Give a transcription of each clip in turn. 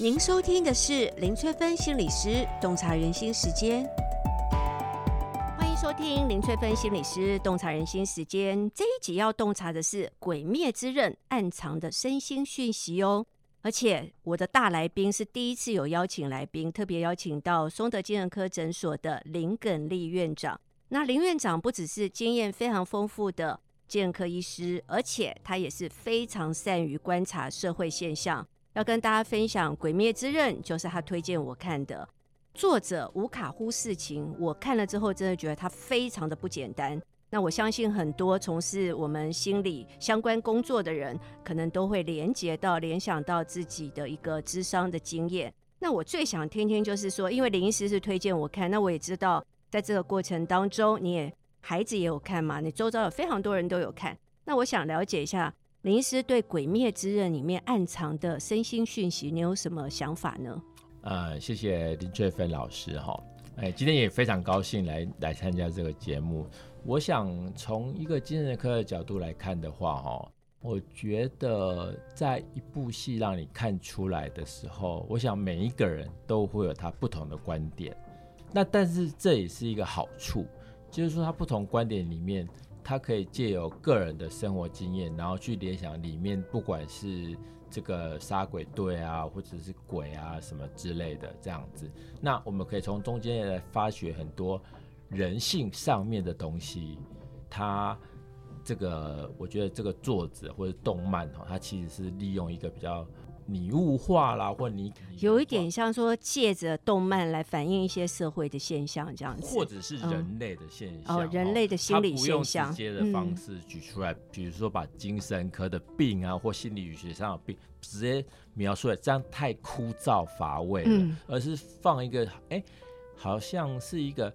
您收聽的是林翠芬心理師《洞察人心》時間，歡迎收聽林翠芬心理師《洞察人心》時間。這一集要洞察的是《鬼滅之刃》暗藏的身心訊息哦。而且我的大來賓是第一次有邀請來賓，特別邀請到松德精神科診所的林耿立院長。那林院長不只是經驗非常豐富的精神科醫師，而且他也是非常善於觀察社會現象。要跟大家分享《鬼滅之刃》，就是他推薦我看的。作者吾峠呼世晴，我看了之後真的覺得他非常的不簡單。那我相信很多從事我們心理相關工作的人，可能都會連接到、聯想到自己的一個諮商的經驗。那我最想聽聽，就是說，因為林醫師是推薦我看，那我也知道，在這個過程當中，你也孩子也有看嘛，你周遭有非常多人都有看。那我想了解一下。林醫師對《鬼滅之刃》裡面暗藏的身心訊息，你有什麼想法呢？呃、嗯，謝謝林翠芬老師哈，哎，今天也非常高興來來參加這個節目。我想從一個精神科的角度來看的話哈，我覺得在一部戲讓你看出來的時候，我想每一個人都會有他不同的觀點。那但是這也是一個好處，就是說他不同觀點裡面。他可以借由個人的生活經驗，然後去聯想裡面不管是這個殺鬼隊啊，或者是鬼啊什麼之類的這樣子，那我們可以從中間也來發掘很多人性上面的東西。他這個我覺得這個作者或者動漫哈，他其實是利用一個比較。.你物化啦，或你，你有一點像說借着動漫來反映一些社會的現象這樣子，或者是人類的現象、嗯哦、人類的心理現象，他不用直接的方式舉出來、嗯，比如說把精神科的病啊或心理，理學上的病直接描述了，這樣太枯燥乏味了，嗯、而是放一個哎、欸，好像是一個。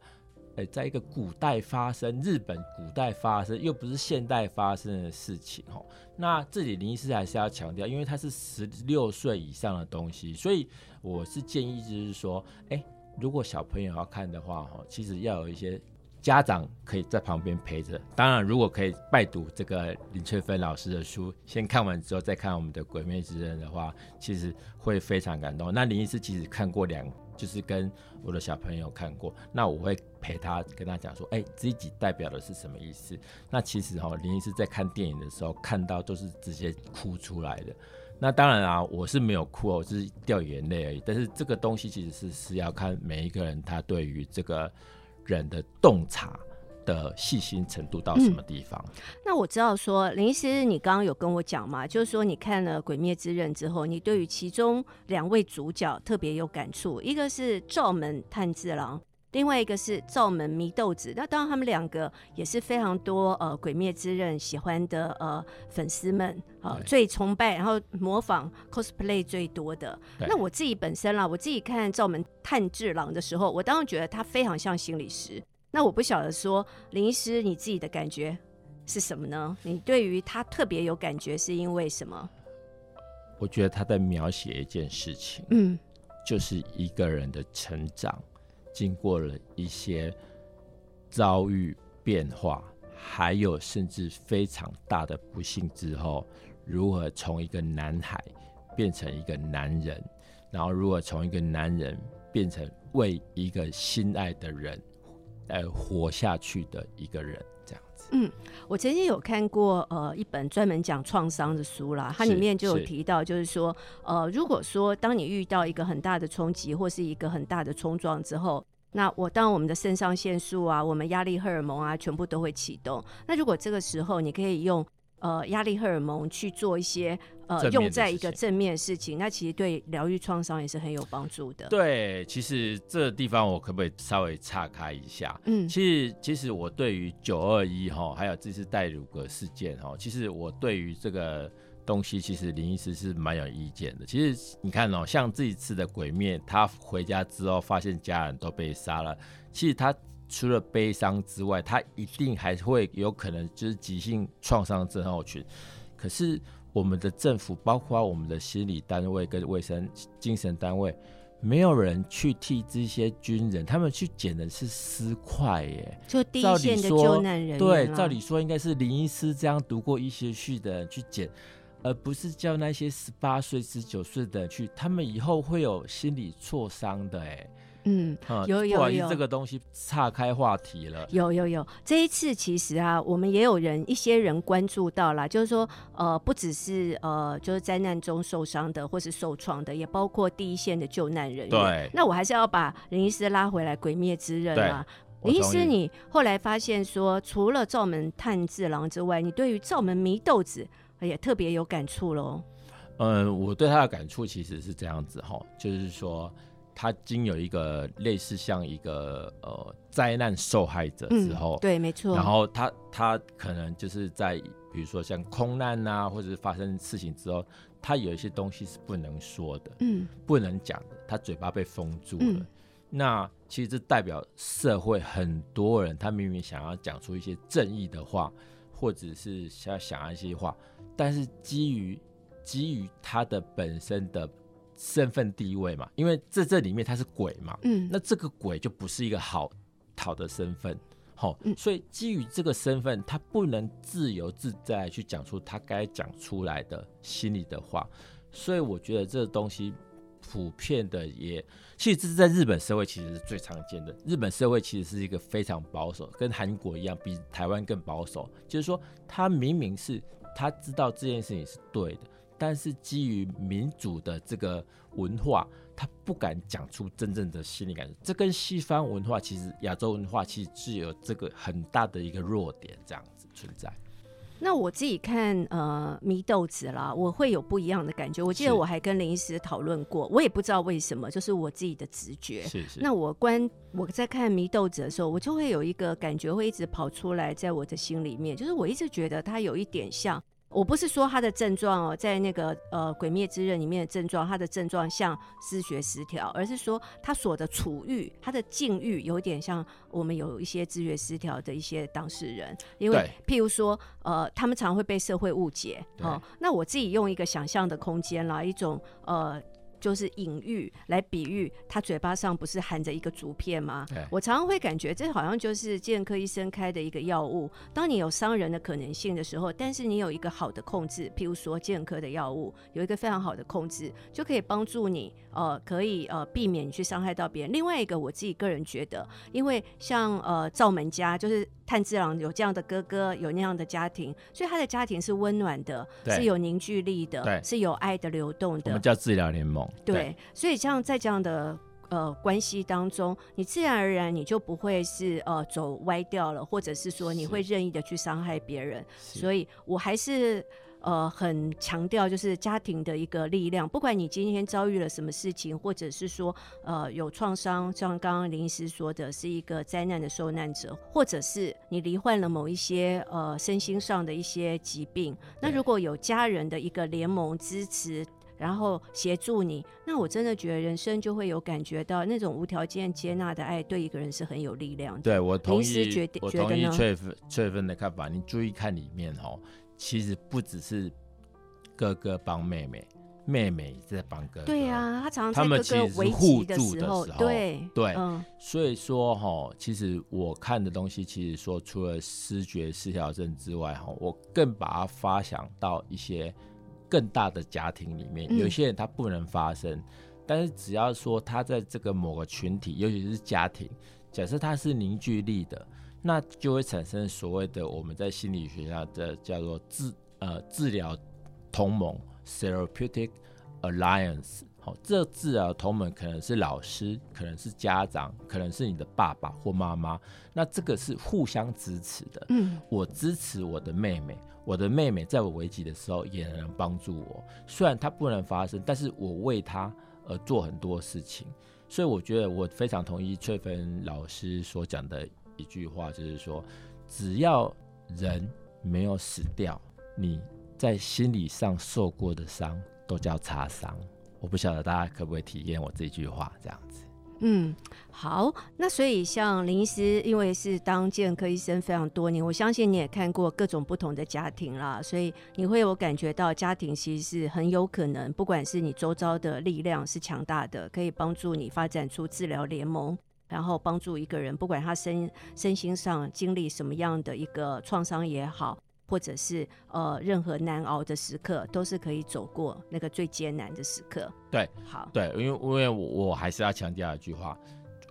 誒、欸，在一個古代發生，日本古代發生，又不是現代發生的事情哦。那這裡林醫師還是要強調，因為他是十六歲以上的東西，所以我是建議就是說，誒、欸，如果小朋友要看的話，哦，其實要有一些家長可以在旁邊陪着。當然，如果可以拜讀這個林翠芬老師的書，先看完之後再看我們的《鬼滅之刃》的話，其實會非常感動。那林醫師其實看過兩。就是跟我的小朋友看過，那我會陪他跟他講說，哎、欸，這一集代表的是什麼意思？那其實哈，林醫師在看電影的時候看到都是直接哭出來的。那當然啊，我是沒有哭哦，我是掉眼淚而已。但是這個東西其實是是要看每一個人他對於這個人的洞察的細心程度到什麼地方、嗯？那我知道說，林醫師，你剛剛有跟我講嘛，就是說你看了《鬼滅之刃》之後，你對於其中兩位主角特別有感觸，一個是竈門炭治郎，另外一個是竈門禰豆子。那當然，他們兩個也是非常多呃《鬼滅之刃》喜歡的呃粉絲們啊、呃，最崇拜，然後模仿 cosplay 最多的。那我自己本身啦，我自己看竈門炭治郎的時候，我當然覺得他非常像心理師。那我不曉得說，林醫師，你自己的感覺是什麼呢？你對於他特別有感覺，是因為什麼？我覺得他在描寫一件事情，嗯，就是一個人的成長，經過了一些遭遇、變化，還有甚至非常大的不幸之後，如何從一個男孩變成一個男人，然後如何從一個男人變成為一個心愛的人。呃，活下去的一個人這樣子。嗯，我曾經有看過呃一本專門講創傷的書啦，它裡面就有提到，就是說，是，是，呃，如果說當你遇到一個很大的衝擊或是一個很大的衝撞之後，那我當我們的腎上腺素啊，我們壓力荷爾蒙啊，全部都會啟動。那如果這個時候，你可以用。呃，壓力荷爾蒙去做一些呃，用在一個正面的事情，那其實對療癒創傷也是很有幫助的。對，其實這個地方我可不可以稍微岔開一下？嗯，其實其實我對於九二一哈，還有這次太魯閣事件哈，其實我對於這個東西，其實林醫師是蠻有意見的。其實你看哦、喔，像這一次的鬼滅，他回家之後發現家人都被殺了，其實他。除了悲傷之外，他一定還會有可能就是急性創傷症候群。可是我們的政府，包括我們的心理單位跟衛生精神單位，沒有人去替這些軍人，他們去撿的是屍塊耶。就第一線的救難人、啊、對，照理說應該是林醫師這樣讀過一些書的人去撿，而不是叫那些十八歲、十九歲的人去，他們以後會有心理創傷的哎。嗯，嗯，有有有，有，這個東西岔開話題了。有。有有有，這一次其實啊，我們也有人一些人關注到了，就是說，呃，不只是呃，就是災難中受傷的或是受創的，也包括第一線的救難人員。對，那我還是要把林醫師拉回來鬼、鬼滅之刃嘛。林醫師，你後來發現說，除了灶門炭治郎之外，你對於灶門祢豆子也特別有感觸嘍？嗯、呃，我對他的感觸其實是這樣子哈，就是說。他經有一個類似像一個呃災難受害者之後，嗯，對，沒錯。然後他他可能就是在比如說像空難啊，或者是發生事情之後，他有一些東西是不能說的，嗯，不能講的，他嘴巴被封住了。嗯，那其實這代表社會很多人，他明明想要講出一些正義的話，或者是想要講一些話，但是基於基於他的本身的。身份地位嘛，因為在這裡面他是鬼嘛，嗯，那這個鬼就不是一個好討的身份，齁，所以基於這個身份，他不能自由自在去講出他該講出來的心裡的話。所以我覺得這個東西普遍的也，其實這是在日本社會其實是最常見的。日本社會其實是一個非常保守，跟韓國一樣，比台灣更保守。就是說，他明明是他知道這件事情是對的。但是基於民主的這個文化，他不敢講出真正的心理感受。這跟西方文化，其實亞洲文化其實是有這個很大的一個弱點，這樣子存在。那我自己看呃《禰豆子》啦，我會有不一樣的感覺。我記得我還跟林醫師討論過，我也不知道為什麼，就是我自己的直覺。是是。那我觀我在看《禰豆子》的時候，我就會有一個感覺會一直跑出來，在我的心裡面，就是我一直覺得它有一點像。我不是說他的症狀哦，在那個呃《鬼滅之刃》裡面的症狀，他的症狀像思覺失調，而是說他所的處遇、他的境遇有點像我們有一些思覺失調的一些當事人，因為譬如說，呃，他們常會被社會誤解哦、呃。那我自己用一個想象的空間，來一種呃。就是隱喻來比喻，他嘴巴上不是含着一個竹片嗎？對我常常會感覺這好像就是健科醫生開的一個藥物。當你有傷人的可能性的時候，但是你有一個好的控制，譬如說健科的藥物有一個非常好的控制，就可以幫助你呃，可以呃避免你去傷害到別人。另外一個我自己個人覺得，因為像呃竈門家就是炭治郎有這樣的哥哥，有那樣的家庭，所以他的家庭是溫暖的，是有凝聚力的，是有愛的流動的。我們叫治療聯盟。對，對，所以像在這樣的呃關係當中，你自然而然你就不會是呃走歪掉了，或者是說你會任意的去傷害別人。所以我還是呃很強調就是家庭的一個力量，不管你今天遭遇了什麼事情，或者是說呃有創傷，像剛剛林醫師說的是一個災難的受難者，或者是你罹患了某一些呃身心上的一些疾病，那如果有家人的一個聯盟支持。然後協助你，那我真的覺得人生就會有感覺到那種無條件接納的愛，對一個人是很有力量的。對，我同意，我同意翠翠芬的看法。你注意看裡面哦，其實不只是哥哥幫妹妹，妹妹在幫哥哥。對呀、啊，他常常在哥哥危機的時候，對候對、嗯、對。所以說哈、哦，其實我看的東西，其實說除了思覺失調症之外，哈，我更把它發想到一些。更大的家庭裡面，有些人他不能發聲、嗯。但是只要說他在這個某個群體，尤其是家庭，假設他是凝聚力的，那就會產生所謂的我們在心理學上的叫做治呃治療同盟 （therapeutic alliance）。好，這字啊，同門可能是老師，可能是家長，可能是你的爸爸或媽媽。那這個是互相支持的。嗯，我支持我的妹妹，我的妹妹在我危急的時候也能幫助我。雖然它不能發聲，但是我為她而做很多事情。所以我覺得我非常同意翠芬老師所講的一句話，就是說，只要人沒有死掉，你在心理上受過的傷都叫擦傷。我不曉得大家可不可以體驗我這句話這樣子。嗯，好，那所以像林醫師，因為是當精神科醫生非常多年，我相信你也看過各種不同的家庭啦，所以你會有感覺到家庭其實是很有可能，不管是你周遭的力量是強大的，可以幫助你發展出治療聯盟，然後幫助一個人，不管他身身心上經歷什麼樣的一個創傷也好。或者是呃，任何難熬的時刻，都是可以走過那個最艱難的時刻。對，好，對，因為因為我我還是要強調一句話，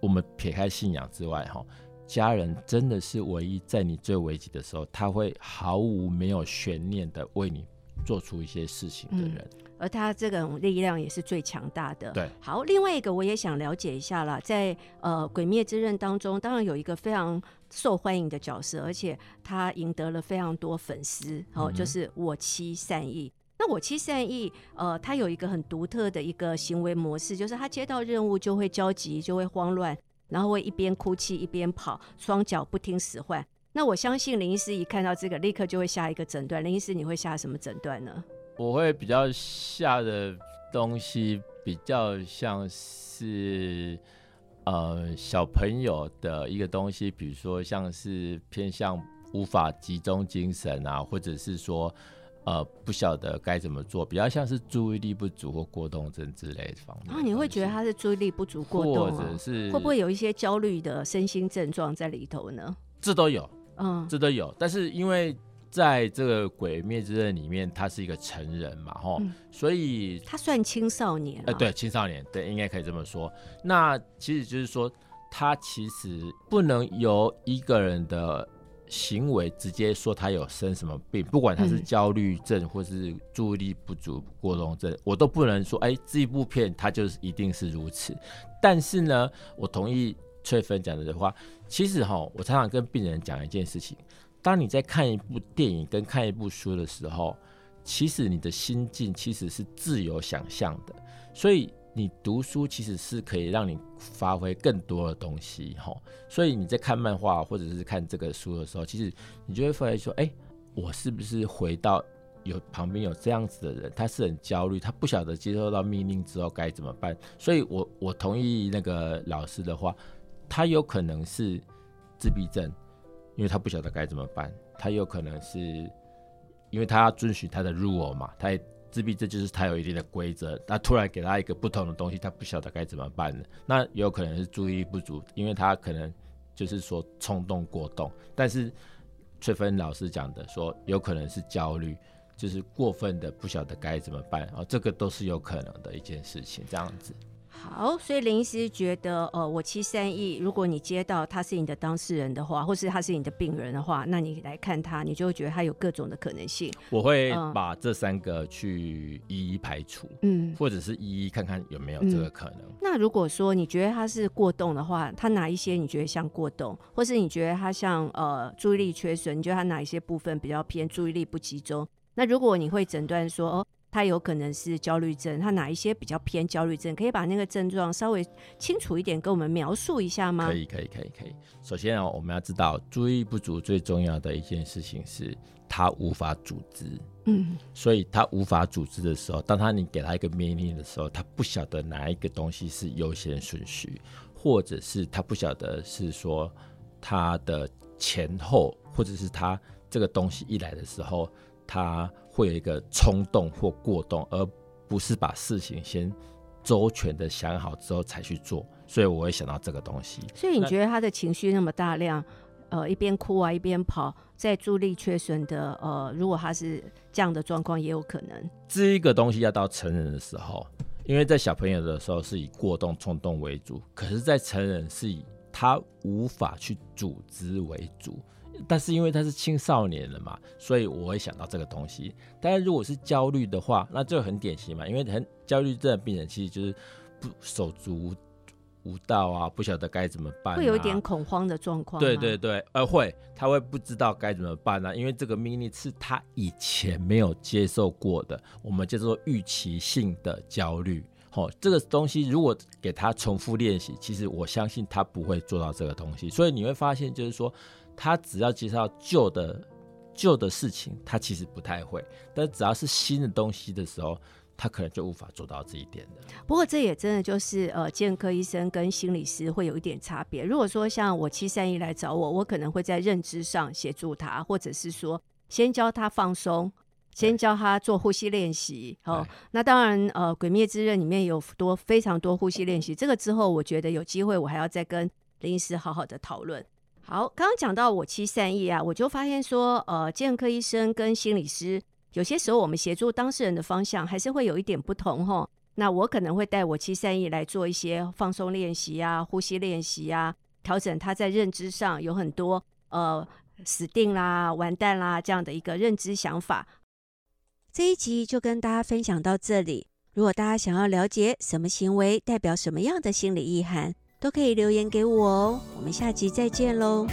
我們撇開信仰之外，哈，家人真的是唯一在你最危急的時候，他會毫無沒有懸念的為你做出一些事情的人。嗯，而他這個力量也是最強大的。對，好，另外一個我也想了解一下了，在呃《鬼滅之刃》當中，當然有一個非常受歡迎的角色，而且他贏得了非常多粉絲。好、哦，就是我妻善逸。嗯、那我妻善逸呃，他有一個很獨特的一個行為模式，就是他接到任務就會焦急，就會慌亂，然後會一邊哭泣一邊跑，雙腳不聽使喚。那我相信林醫師一看到這個，立刻就會下一個診斷。林醫師，你會下什麼診斷呢？我會比較下的東西比較像是呃小朋友的一個東西，比如說像是偏向無法集中精神啊，或者是說呃不曉得該怎麼做，比較像是注意力不足或過動症之類的方面的東西、啊。你會覺得他是注意力不足過動、啊，或者是會不會有一些焦慮的身心症狀在裡頭呢？這都有。嗯，這都有，但是因為在這個《鬼滅之刃》裡面，他是一個成人嘛，哈、嗯，所以他算青少年、啊呃。對，青少年，對，應該可以這麼說。那其實就是說，他其實不能由一個人的行為直接說他有生什麼病，不管他是焦慮症或是注意力不足過動症、嗯，我都不能說，哎，這一部片他就是一定是如此。但是呢，我同意。翠芬講的這話，其實哈，我常常跟病人講一件事情，當你在看一部電影跟看一部書的時候，其實你的心境其實是自由想象的，所以你讀書其實是可以讓你發揮更多的東西。哈，所以你在看漫畫或者是看這個書的時候，其實你就會發現說，誒、欸，我是不是回到有旁邊有這樣子的人？他是很焦慮，他不曉得接收到命令之後該怎麼辦。所以我，我我同意那個老師的話。他有可能是自閉症，因為他不曉得該怎麼辦；他有可能是，因為他要遵循他的 rule 嘛，他也自閉症就是他有一定的規則，他突然給他一個不同的東西，他不曉得該怎麼辦的。那有可能是注意力不足，因為他可能就是說衝動過動。但是翠芬老師講的說，有可能是焦慮，就是過分的不曉得該怎麼辦。然、啊、這個都是有可能的一件事情，這樣子。好，所以林醫師覺得，呃，我七三億，如果你接到他是你的當事人的話，或是他是你的病人的話，那你來看他，你就會覺得他有各種的可能性。我會把這三個去一一排除，嗯，或者是一一看看有沒有這個可能。嗯、那如果說你覺得他是過動的話，他哪一些你覺得像過動，或是你覺得他像呃注意力缺損，你覺得他哪一些部分比較偏注意力不集中？那如果你會診斷說哦。呃他有可能是焦慮症，他哪一些比較偏焦慮症？可以把那個症狀稍微清楚一點跟我們描述一下嗎？可以，可以，可以，可以。首先喔，我們要知道，注意不足最重要的一件事情是，他無法組織。嗯，所以他無法組織的時候，當他你給他一個命令的時候，他不曉得哪一個東西是優先順序，或者是他不曉得是說他的前後，或者是他這個東西一來的時候，他。會有一個衝動或過動，而不是把事情先周全的想好之後才去做，所以我會想到這個東西。所以你覺得他的情緒那麼大量，呃，一邊哭啊一邊跑，在注意力缺損的呃，如果他是這樣的狀況，也有可能。這一個東西要到成人的時候，因為在小朋友的時候是以過動衝動為主，可是，在成人是以他無法去組織為主。但是因為他是青少年了嘛，所以我會想到這個東西。當然，如果是焦慮的話，那這個很典型嘛，因為很焦慮症的病人其實就是不手足無,無道啊，不曉得該怎麼辦、啊，會有一點恐慌的狀況、啊。對對對，呃，會，他會不知道該怎麼辦呢、啊？因為這個命令是他以前沒有接受過的，我們叫做預期性的焦慮。齁，這個東西如果給他重複練習，其實我相信他不會做到這個東西。所以你會發現，就是說。他只要介紹舊的、舊的事情，他其實不太會；但只要是新的東西的時候，他可能就無法做到這一點的。不過，這也真的就是呃，健科醫生跟心理師會有一點差別。如果說像我七三一來找我，我可能會在認知上協助他，或者是說先教他放鬆，先教他做呼吸練習。好、哎哦哎，那當然，呃，《鬼滅之刃》裡面有多非常多呼吸練習。這個之後，我覺得有機會，我還要再跟林醫師好好的討論。好，剛剛講到我妻善逸啊，我就發現說，呃，健科醫生跟心理師有些時候，我們協助當事人的方向還是會有一點不同吼，哦，那我可能會帶我妻善逸來做一些放鬆練習啊、呼吸練習啊，調整他在認知上有很多，呃，死定啦、完蛋啦這樣的一個認知想法。這一集就跟大家分享到這裡。如果大家想要了解什麼行為代表什麼樣的心理意涵，都可以留言給我哦，我們下集再見嘍。